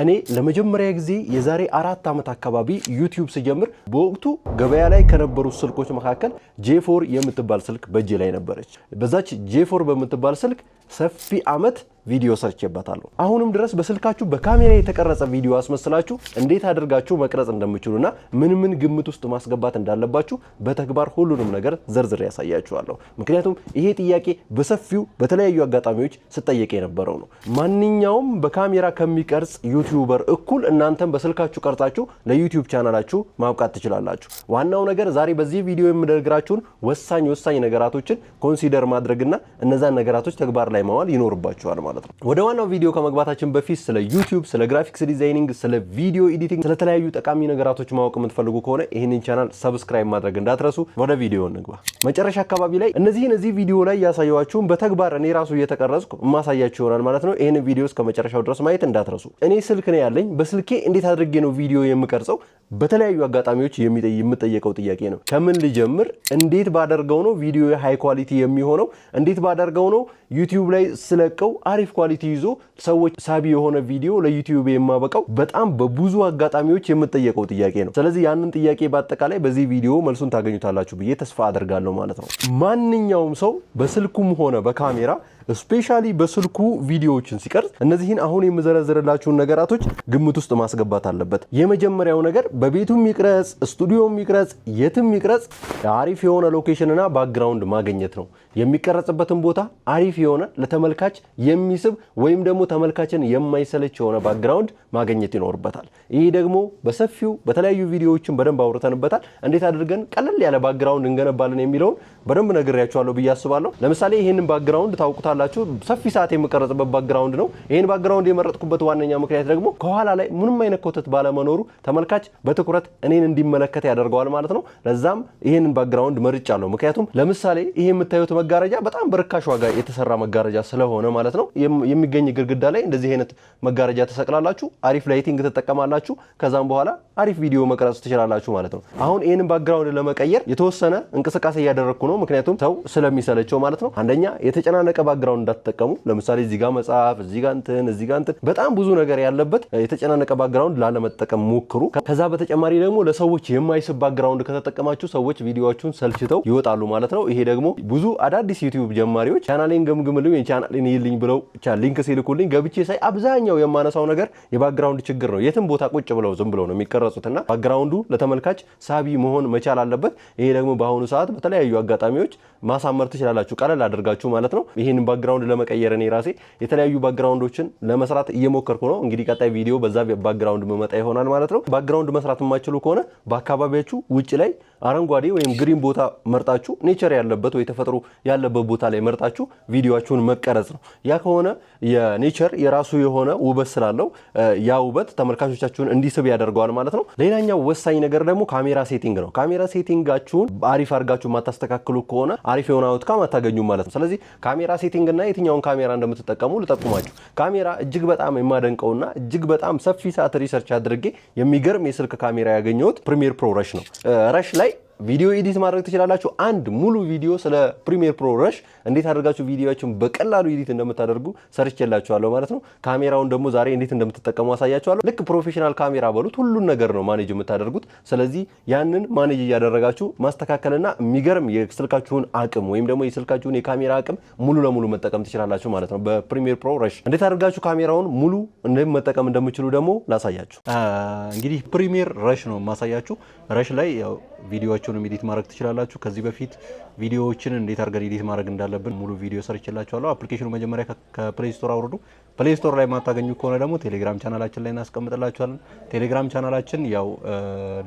እኔ ለመጀመሪያ ጊዜ የዛሬ አራት ዓመት አካባቢ ዩቲዩብ ስጀምር በወቅቱ ገበያ ላይ ከነበሩ ስልኮች መካከል ጄፎር የምትባል ስልክ በእጄ ላይ ነበረች። በዛች ጄፎር በምትባል ስልክ ሰፊ ዓመት ቪዲዮ ሰርቼበታለሁ። አሁንም ድረስ በስልካችሁ በካሜራ የተቀረጸ ቪዲዮ አስመስላችሁ እንዴት አድርጋችሁ መቅረጽ እንደምችሉና ምን ምን ግምት ውስጥ ማስገባት እንዳለባችሁ በተግባር ሁሉንም ነገር ዘርዝሬ ያሳያችኋለሁ። ምክንያቱም ይሄ ጥያቄ በሰፊው በተለያዩ አጋጣሚዎች ስጠየቅ የነበረው ነው። ማንኛውም በካሜራ ከሚቀርጽ ዩቲዩበር እኩል እናንተም በስልካችሁ ቀርጻችሁ ለዩቲዩብ ቻናላችሁ ማብቃት ትችላላችሁ። ዋናው ነገር ዛሬ በዚህ ቪዲዮ የምነግራችሁን ወሳኝ ወሳኝ ነገራቶችን ኮንሲደር ማድረግና እነዛን ነገራቶች ተግባር ላይ ማዋል ይኖርባችኋል ማለት ማለት ነው። ወደ ዋናው ቪዲዮ ከመግባታችን በፊት ስለ ዩቲዩብ፣ ስለ ግራፊክስ ዲዛይኒንግ፣ ስለ ቪዲዮ ኤዲቲንግ፣ ስለተለያዩ ጠቃሚ ነገራቶች ማወቅ የምትፈልጉ ከሆነ ይህንን ቻናል ሰብስክራይብ ማድረግ እንዳትረሱ። ወደ ቪዲዮ እንግባ። መጨረሻ አካባቢ ላይ እነዚህን እዚህ ቪዲዮ ላይ ያሳየኋችሁን በተግባር እኔ ራሱ እየተቀረጽኩ ማሳያችሁ ይሆናል ማለት ነው። ይህን ቪዲዮ እስከ መጨረሻው ድረስ ማየት እንዳትረሱ። እኔ ስልክ ነው ያለኝ። በስልኬ እንዴት አድርጌ ነው ቪዲዮ የምቀርጸው በተለያዩ አጋጣሚዎች የምጠየቀው ጥያቄ ነው። ከምን ልጀምር? እንዴት ባደርገው ነው ቪዲዮ ሃይ ኳሊቲ የሚሆነው? እንዴት ባደርገው ነው ዩቲዩብ ላይ ስለቀው አሪፍ ኳሊቲ ይዞ ሰዎች ሳቢ የሆነ ቪዲዮ ለዩቲዩብ የማበቃው? በጣም በብዙ አጋጣሚዎች የምጠየቀው ጥያቄ ነው። ስለዚህ ያንን ጥያቄ በአጠቃላይ በዚህ ቪዲዮ መልሱን ታገኙታላችሁ ብዬ ተስፋ አደርጋለሁ ማለት ነው። ማንኛውም ሰው በስልኩም ሆነ በካሜራ ስፔሻሊ በስልኩ ቪዲዮዎችን ሲቀርጽ እነዚህን አሁን የምዘረዝርላችሁን ነገራቶች ግምት ውስጥ ማስገባት አለበት። የመጀመሪያው ነገር በቤቱም ይቅረጽ፣ ስቱዲዮም ይቅረጽ፣ የትም ይቅረጽ አሪፍ የሆነ ሎኬሽንና ባክግራውንድ ማግኘት ነው። የሚቀረጽበትን ቦታ አሪፍ የሆነ ለተመልካች የሚስብ ወይም ደግሞ ተመልካችን የማይሰለች የሆነ ባክግራውንድ ማግኘት ይኖርበታል። ይህ ደግሞ በሰፊው በተለያዩ ቪዲዮዎችን በደንብ አውርተንበታል። እንዴት አድርገን ቀለል ያለ ባክግራውንድ እንገነባለን የሚለውን በደንብ ነግሬያችኋለሁ ብዬ አስባለሁ። ለምሳሌ ይህንን ባክግራውንድ ታውቁታል ታውቁታላችሁ። ሰፊ ሰዓት የምቀረጽበት ባክግራውንድ ነው። ይህን ባክግራውንድ የመረጥኩበት ዋነኛ ምክንያት ደግሞ ከኋላ ላይ ምንም አይነት ኮተት ባለመኖሩ ተመልካች በትኩረት እኔን እንዲመለከት ያደርገዋል ማለት ነው። ለዛም ይህንን ባክግራውንድ መርጫለሁ። ምክንያቱም ለምሳሌ ይሄ የምታዩት መጋረጃ በጣም በርካሽ ዋጋ የተሰራ መጋረጃ ስለሆነ ማለት ነው የሚገኝ ግድግዳ ላይ እንደዚህ አይነት መጋረጃ ተሰቅላላችሁ፣ አሪፍ ላይቲንግ ትጠቀማላችሁ። ከዛም በኋላ አሪፍ ቪዲዮ መቅረጽ ትችላላችሁ ማለት ነው። አሁን ይህንን ባክግራውንድ ለመቀየር የተወሰነ እንቅስቃሴ እያደረግኩ ነው፣ ምክንያቱም ሰው ስለሚሰለቸው ማለት ነው። አንደኛ የተጨናነቀ ባ ባክግራውንድ እንዳትጠቀሙ። ለምሳሌ እዚጋ መጽሐፍ፣ እዚጋ እንትን፣ እዚህ እንትን በጣም ብዙ ነገር ያለበት የተጨናነቀ ባክግራውንድ ላለመጠቀም ሞክሩ። ከዛ በተጨማሪ ደግሞ ለሰዎች የማይስብ ባክግራውንድ ከተጠቀማችሁ ሰዎች ቪዲዮዎቹን ሰልችተው ይወጣሉ ማለት ነው። ይሄ ደግሞ ብዙ አዳዲስ ዩቲዩብ ጀማሪዎች ቻናሌን ገምግምልኝ፣ ቻናሌን ይልኝ ብለው ሊንክ ሲልኩልኝ ገብቼ ሳይ አብዛኛው የማነሳው ነገር የባክግራውንድ ችግር ነው። የትም ቦታ ቁጭ ብለው ዝም ብለው ነው የሚቀረጹትና ባክግራውንዱ ለተመልካች ሳቢ መሆን መቻል አለበት። ይሄ ደግሞ በአሁኑ ሰዓት በተለያዩ አጋጣሚዎች ማሳመር ትችላላችሁ፣ ቀለል አድርጋችሁ ማለት ነው። ይህን ባክግራውንድ ለመቀየር እኔ ራሴ የተለያዩ ባክግራውንዶችን ለመስራት እየሞከርኩ ነው። እንግዲህ ቀጣይ ቪዲዮ በዛ ባክግራውንድ መመጣ ይሆናል ማለት ነው። ባክግራውንድ መስራት የማይችሉ ከሆነ በአካባቢያችሁ ውጭ ላይ አረንጓዴ ወይም ግሪን ቦታ መርጣችሁ ኔቸር ያለበት ወይ ተፈጥሮ ያለበት ቦታ ላይ መርጣችሁ ቪዲዮችሁን መቀረጽ ነው። ያ ከሆነ የኔቸር የራሱ የሆነ ውበት ስላለው ያ ውበት ተመልካቾቻችሁን እንዲስብ ያደርገዋል ማለት ነው። ሌላኛው ወሳኝ ነገር ደግሞ ካሜራ ሴቲንግ ነው። ካሜራ ሴቲንጋችሁን አሪፍ አድርጋችሁ የማታስተካክሉ ከሆነ አሪፍ የሆነ አውትካም አታገኙም ማለት ነው። ስለዚህ ካሜራ ሴቲንግ ሴቲንግ እና የትኛውን ካሜራ እንደምትጠቀሙ ልጠቁማችሁ። ካሜራ እጅግ በጣም የማደንቀውና እጅግ በጣም ሰፊ ሰዓት ሪሰርች አድርጌ የሚገርም የስልክ ካሜራ ያገኘሁት ፕሪሚየር ፕሮ ረሽ ነው። ረሽ ላይ ቪዲዮ ኤዲት ማድረግ ትችላላችሁ። አንድ ሙሉ ቪዲዮ ስለ ፕሪሚየር ፕሮ ረሽ እንዴት አድርጋችሁ ቪዲዮዎችን በቀላሉ ኤዲት እንደምታደርጉ ሰርቼላችኋለሁ ማለት ነው። ካሜራውን ደግሞ ዛሬ እንዴት እንደምትጠቀሙ አሳያችኋለሁ። ልክ ፕሮፌሽናል ካሜራ በሉት ሁሉን ነገር ነው ማኔጅ የምታደርጉት። ስለዚህ ያንን ማኔጅ እያደረጋችሁ ማስተካከልና የሚገርም የስልካችሁን አቅም ወይም ደግሞ የስልካችሁን የካሜራ አቅም ሙሉ ለሙሉ መጠቀም ትችላላችሁ ማለት ነው በፕሪሚየር ፕሮ ረሽ። እንዴት አድርጋችሁ ካሜራውን ሙሉ መጠቀም እንደምችሉ ደግሞ ላሳያችሁ። እንግዲህ ፕሪሚየር ረሽ ነው የማሳያችሁ። ረሽ ላይ ቪዲዮዎች ቪዲዮዎቻችሁንም ኤዲት ማድረግ ትችላላችሁ። ከዚህ በፊት ቪዲዮዎችን እንዴት አድርገን ኤዲት ማድረግ እንዳለብን ሙሉ ቪዲዮ ሰርችላችኋለሁ። አፕሊኬሽኑ መጀመሪያ ከፕሌይ ስቶር አውርዱ። ፕሌይ ስቶር ላይ ማታገኙ ከሆነ ደግሞ ቴሌግራም ቻናላችን ላይ እናስቀምጥላችኋለን። ቴሌግራም ቻናላችን ያው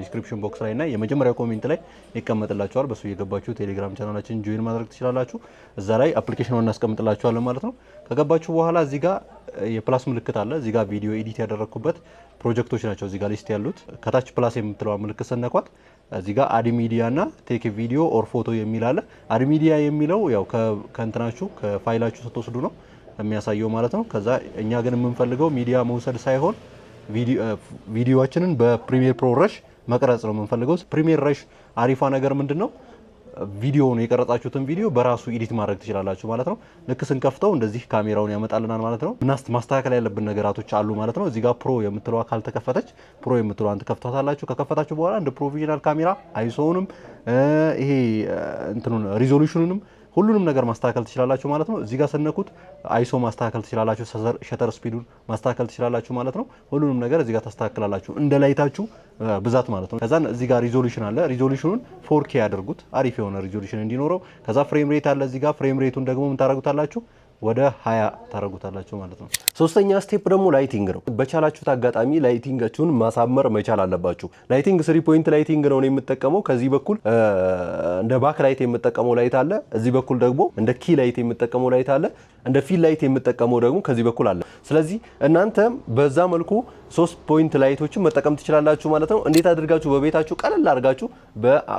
ዲስክሪፕሽን ቦክስ ላይ እና የመጀመሪያ ኮሜንት ላይ ይቀመጥላችኋል። በሱ እየገባችሁ ቴሌግራም ቻናላችን ጆይን ማድረግ ትችላላችሁ። እዛ ላይ አፕሊኬሽኑን እናስቀምጥላችኋለን ማለት ነው። ከገባችሁ በኋላ እዚህ ጋር የፕላስ ምልክት አለ። እዚጋ ቪዲዮ ኤዲት ያደረግኩበት ፕሮጀክቶች ናቸው እዚጋ ሊስት ያሉት። ከታች ፕላስ የምትለዋ ምልክት ሰነኳት። እዚጋ አድ ሚዲያ ና ቴክ ቪዲዮ ኦር ፎቶ የሚል አለ። አድ ሚዲያ የሚለው ያው ከእንትናችሁ ከፋይላችሁ ስትወስዱ ነው የሚያሳየው ማለት ነው። ከዛ እኛ ግን የምንፈልገው ሚዲያ መውሰድ ሳይሆን ቪዲዮችንን በፕሪሚየር ፕሮ ረሽ መቅረጽ ነው የምንፈልገው። ፕሪሚየር ረሽ አሪፋ ነገር ምንድን ነው ቪዲዮውን የቀረጻችሁትን ቪዲዮ በራሱ ኤዲት ማድረግ ትችላላችሁ ማለት ነው። ልክ ስንከፍተው እንደዚህ ካሜራውን ያመጣልናል ማለት ነው። እናስ ማስተካከል ያለብን ነገራቶች አሉ ማለት ነው። እዚህ ጋር ፕሮ አካል ካልተከፈተች ፕሮ አንተ ከፍታታላችሁ። ከከፈታችሁ በኋላ እንደ ፕሮቪዥናል ካሜራ አይሶውንም ይሄ እንትኑን ሪዞሉሽኑንም ሁሉንም ነገር ማስተካከል ትችላላችሁ ማለት ነው። እዚህ ጋር ስነኩት አይሶ ማስተካከል ትችላላችሁ፣ ሸተር ስፒዱን ማስተካከል ትችላላችሁ ማለት ነው። ሁሉንም ነገር እዚህ ጋር ታስተካክላላችሁ እንደ ላይታችሁ ብዛት ማለት ነው። ከዛን እዚህ ጋር ሪዞሉሽን አለ። ሪዞሉሽኑን ፎርኬ ያደርጉት አሪፍ የሆነ ሪዞሉሽን እንዲኖረው። ከዛ ፍሬም ሬት አለ እዚህ ጋር ፍሬም ሬቱን ደግሞ ምን ታደርጉታላችሁ ወደ ሀያ ታደረጉታላችሁ ማለት ነው። ሶስተኛ ስቴፕ ደግሞ ላይቲንግ ነው። በቻላችሁት አጋጣሚ ላይቲንጋችሁን ማሳመር መቻል አለባችሁ። ላይቲንግ ስሪ ፖይንት ላይቲንግ ነው የምጠቀመው። ከዚህ በኩል እንደ ባክ ላይት የምጠቀመው ላይት አለ። እዚህ በኩል ደግሞ እንደ ኪ ላይት የምጠቀመው ላይት አለ። እንደ ፊል ላይት የምጠቀመው ደግሞ ከዚህ በኩል አለ። ስለዚህ እናንተ በዛ መልኩ ሶስት ፖይንት ላይቶችን መጠቀም ትችላላችሁ ማለት ነው። እንዴት አድርጋችሁ በቤታችሁ ቀለል አድርጋችሁ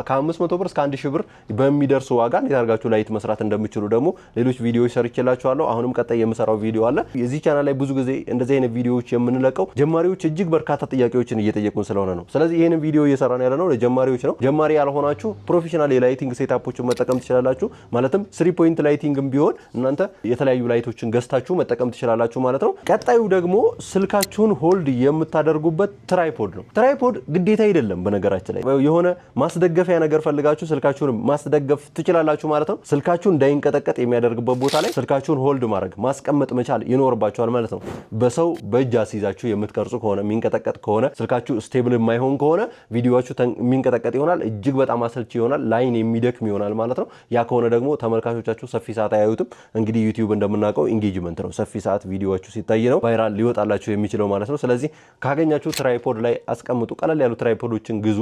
ከ500 ብር እስከ 1000 ብር በሚደርሱ ዋጋ እንዴት አድርጋችሁ ላይት መስራት እንደምችሉ ደግሞ ሌሎች ቪዲዮዎች ሰርቼላችሁ ብያችኋለሁ። አሁንም ቀጣይ የምሰራው ቪዲዮ አለ። የዚህ ቻናል ላይ ብዙ ጊዜ እንደዚህ አይነት ቪዲዮዎች የምንለቀው ጀማሪዎች እጅግ በርካታ ጥያቄዎችን እየጠየቁን ስለሆነ ነው። ስለዚህ ይህንን ቪዲዮ እየሰራን ያለ ነው ለጀማሪዎች ነው። ጀማሪ ያልሆናችሁ ፕሮፌሽናል የላይቲንግ ሴታፖችን መጠቀም ትችላላችሁ። ማለትም ስሪ ፖይንት ላይቲንግም ቢሆን እናንተ የተለያዩ ላይቶችን ገዝታችሁ መጠቀም ትችላላችሁ ማለት ነው። ቀጣዩ ደግሞ ስልካችሁን ሆልድ የምታደርጉበት ትራይፖድ ነው። ትራይፖድ ግዴታ አይደለም በነገራችን ላይ የሆነ ማስደገፊያ ነገር ፈልጋችሁ ስልካችሁን ማስደገፍ ትችላላችሁ ማለት ነው። ስልካችሁን እንዳይንቀጠቀጥ የሚያደርግበት ቦታ ላይ ስልካችሁን እሱን ሆልድ ማድረግ ማስቀመጥ መቻል ይኖርባቸዋል ማለት ነው። በሰው በእጅ አስይዛችሁ የምትቀርጹ ከሆነ የሚንቀጠቀጥ ከሆነ ስልካችሁ ስቴብል የማይሆን ከሆነ ቪዲዮችሁ የሚንቀጠቀጥ ይሆናል፣ እጅግ በጣም አሰልች ይሆናል፣ ላይን የሚደክም ይሆናል ማለት ነው። ያ ከሆነ ደግሞ ተመልካቾቻችሁ ሰፊ ሰዓት አያዩትም። እንግዲህ ዩቲዩብ እንደምናውቀው ኢንጌጅመንት ነው፣ ሰፊ ሰዓት ቪዲዮችሁ ሲታይ ነው ቫይራል ሊወጣላችሁ የሚችለው ማለት ነው። ስለዚህ ካገኛችሁ ትራይፖድ ላይ አስቀምጡ። ቀለል ያሉ ትራይፖዶችን ግዙ።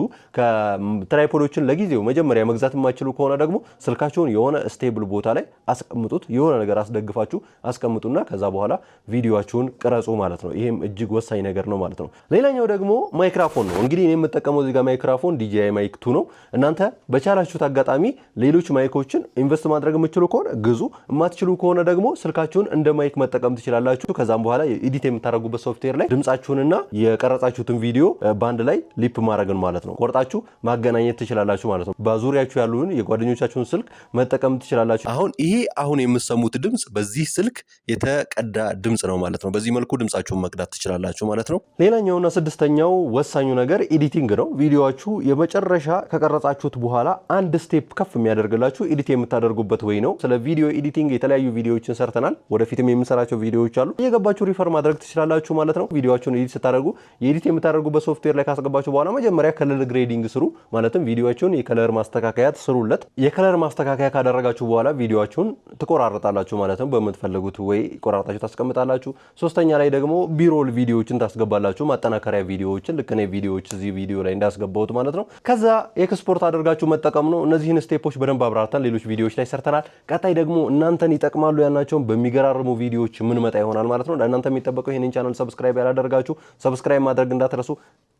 ትራይፖዶችን ለጊዜው መጀመሪያ መግዛት የማይችሉ ከሆነ ደግሞ ስልካችሁን የሆነ ስቴብል ቦታ ላይ አስቀምጡት። የሆነ ነገር አስደግ ደግፋችሁ አስቀምጡና ከዛ በኋላ ቪዲዮችሁን ቅረጹ ማለት ነው። ይሄም እጅግ ወሳኝ ነገር ነው ማለት ነው። ሌላኛው ደግሞ ማይክራፎን ነው። እንግዲህ እኔ የምጠቀመው እዚህ ጋር ማይክራፎን ዲጂአይ ማይክ ቱ ነው። እናንተ በቻላችሁት አጋጣሚ ሌሎች ማይኮችን ኢንቨስት ማድረግ የምትችሉ ከሆነ ግዙ፣ የማትችሉ ከሆነ ደግሞ ስልካችሁን እንደ ማይክ መጠቀም ትችላላችሁ። ከዛም በኋላ ኤዲት የምታደርጉበት ሶፍትዌር ላይ ድምጻችሁንና የቀረጻችሁትን ቪዲዮ በአንድ ላይ ሊፕ ማድረግን ማለት ነው ቆርጣችሁ ማገናኘት ትችላላችሁ ማለት ነው። በዙሪያችሁ ያሉን የጓደኞቻችሁን ስልክ መጠቀም ትችላላችሁ። አሁን ይሄ አሁን የምሰሙት ድምፅ በዚህ ስልክ የተቀዳ ድምፅ ነው ማለት ነው። በዚህ መልኩ ድምፃችሁን መቅዳት ትችላላችሁ ማለት ነው። ሌላኛውና ስድስተኛው ወሳኙ ነገር ኤዲቲንግ ነው። ቪዲዮችሁ የመጨረሻ ከቀረጻችሁት በኋላ አንድ ስቴፕ ከፍ የሚያደርግላችሁ ኤዲት የምታደርጉበት ወይ ነው። ስለ ቪዲዮ ኤዲቲንግ የተለያዩ ቪዲዮዎችን ሰርተናል። ወደፊትም የምንሰራቸው ቪዲዮዎች አሉ። እየገባችሁ ሪፈር ማድረግ ትችላላችሁ ማለት ነው። ቪዲዮችሁን ኤዲት ስታደርጉ የኤዲት የምታደርጉበት ሶፍትዌር ላይ ካስገባችሁ በኋላ መጀመሪያ ከለር ግሬዲንግ ስሩ። ማለትም ቪዲዮችሁን የከለር ማስተካከያ ስሩለት። የከለር ማስተካከያ ካደረጋችሁ በኋላ ቪዲዮችሁን ትቆራረጣላችሁ ማለት ነው። ፎቶዎችን በምትፈልጉት ወይ ቆራርጣችሁ ታስቀምጣላችሁ። ሶስተኛ ላይ ደግሞ ቢሮል ቪዲዮዎችን ታስገባላችሁ። ማጠናከሪያ ቪዲዮዎችን ልክ እኔ ቪዲዮዎች እዚህ ቪዲዮ ላይ እንዳስገባሁት ማለት ነው። ከዛ ኤክስፖርት አድርጋችሁ መጠቀም ነው። እነዚህን ስቴፖች በደንብ አብራርተን ሌሎች ቪዲዮዎች ላይ ሰርተናል። ቀጣይ ደግሞ እናንተን ይጠቅማሉ ያልናቸውን በሚገራርሙ ቪዲዮዎች መጣ ይሆናል ማለት ነው። ለእናንተ የሚጠበቀው ይህንን ቻናል ሰብስክራይብ ያላደረጋችሁ ሰብስክራይብ ማድረግ እንዳትረሱ።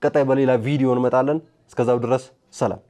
ቀጣይ በሌላ ቪዲዮ እንመጣለን። እስከዛው ድረስ ሰላም።